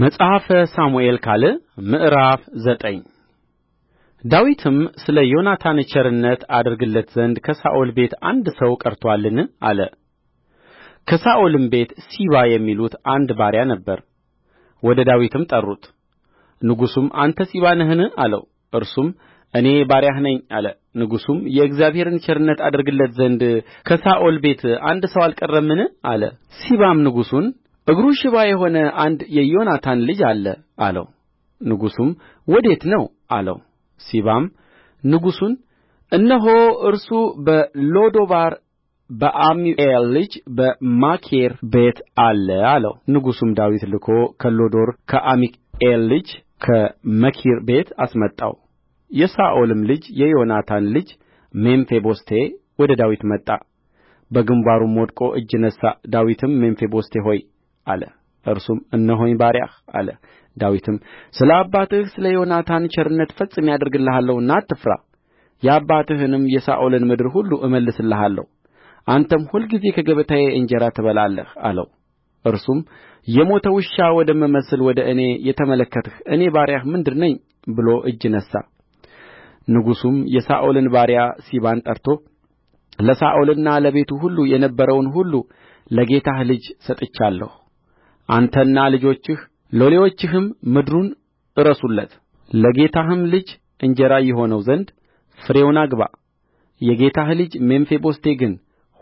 መጽሐፈ ሳሙኤል ካል ምዕራፍ ዘጠኝ ዳዊትም ስለ ዮናታን ቸርነት አደርግለት ዘንድ ከሳኦል ቤት አንድ ሰው ቀርቶአልን? አለ። ከሳኦልም ቤት ሲባ የሚሉት አንድ ባሪያ ነበር። ወደ ዳዊትም ጠሩት። ንጉሡም አንተ ሲባ ነህን? አለው። እርሱም እኔ ባሪያህ ነኝ አለ። ንጉሡም የእግዚአብሔርን ቸርነት አደርግለት ዘንድ ከሳኦል ቤት አንድ ሰው አልቀረምን? አለ። ሲባም ንጉሡን እግሩ ሽባ የሆነ አንድ የዮናታን ልጅ አለ አለው ንጉሡም ወዴት ነው አለው ሲባም ንጉሡን እነሆ እርሱ በሎዶባር በአሚኤል ልጅ በማኪር ቤት አለ አለው ንጉሡም ዳዊት ልኮ ከሎዶር ከአሚኤል ልጅ ከመኪር ቤት አስመጣው የሳኦልም ልጅ የዮናታን ልጅ ሜምፊቦስቴ ወደ ዳዊት መጣ በግንባሩም ወድቆ እጅ ነሣ ዳዊትም ሜምፊቦስቴ ሆይ አለ እርሱም እነሆኝ ባሪያህ አለ ዳዊትም ስለ አባትህ ስለ ዮናታን ቸርነት ፈጽሜ አደርግልሃለሁና አትፍራ የአባትህንም የሳኦልን ምድር ሁሉ እመልስልሃለሁ አንተም ሁልጊዜ ከገበታዬ እንጀራ ትበላለህ አለው እርሱም የሞተ ውሻ ወደምመስል ወደ እኔ የተመለከትህ እኔ ባሪያህ ምንድር ነኝ ብሎ እጅ ነሣ ንጉሡም የሳኦልን ባሪያ ሲባን ጠርቶ ለሳኦልና ለቤቱ ሁሉ የነበረውን ሁሉ ለጌታህ ልጅ ሰጥቻለሁ አንተና ልጆችህ ሎሌዎችህም ምድሩን እረሱለት ለጌታህም ልጅ እንጀራ ይሆነው ዘንድ ፍሬውን አግባ የጌታህ ልጅ ሜምፊቦስቴ ግን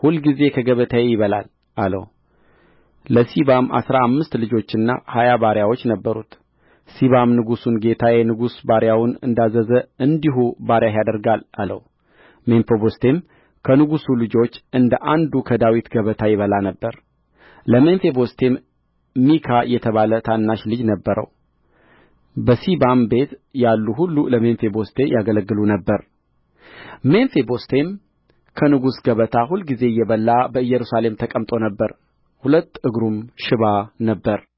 ሁልጊዜ ከገበታዬ ይበላል አለው ለሲባም አሥራ አምስት ልጆችና ሀያ ባሪያዎች ነበሩት ሲባም ንጉሡን ጌታዬ ንጉሡ ባሪያውን እንዳዘዘ እንዲሁ ባሪያህ ያደርጋል አለው ሜምፊቦስቴም ከንጉሡ ልጆች እንደ አንዱ ከዳዊት ገበታ ይበላ ነበር ለሜምፊቦስቴም ሚካ የተባለ ታናሽ ልጅ ነበረው በሲባም ቤት ያሉ ሁሉ ለሜምፊቦስቴ ያገለግሉ ነበር ሜምፊቦስቴም ከንጉሥ ገበታ ሁልጊዜ እየበላ በኢየሩሳሌም ተቀምጦ ነበር ሁለት እግሩም ሽባ ነበር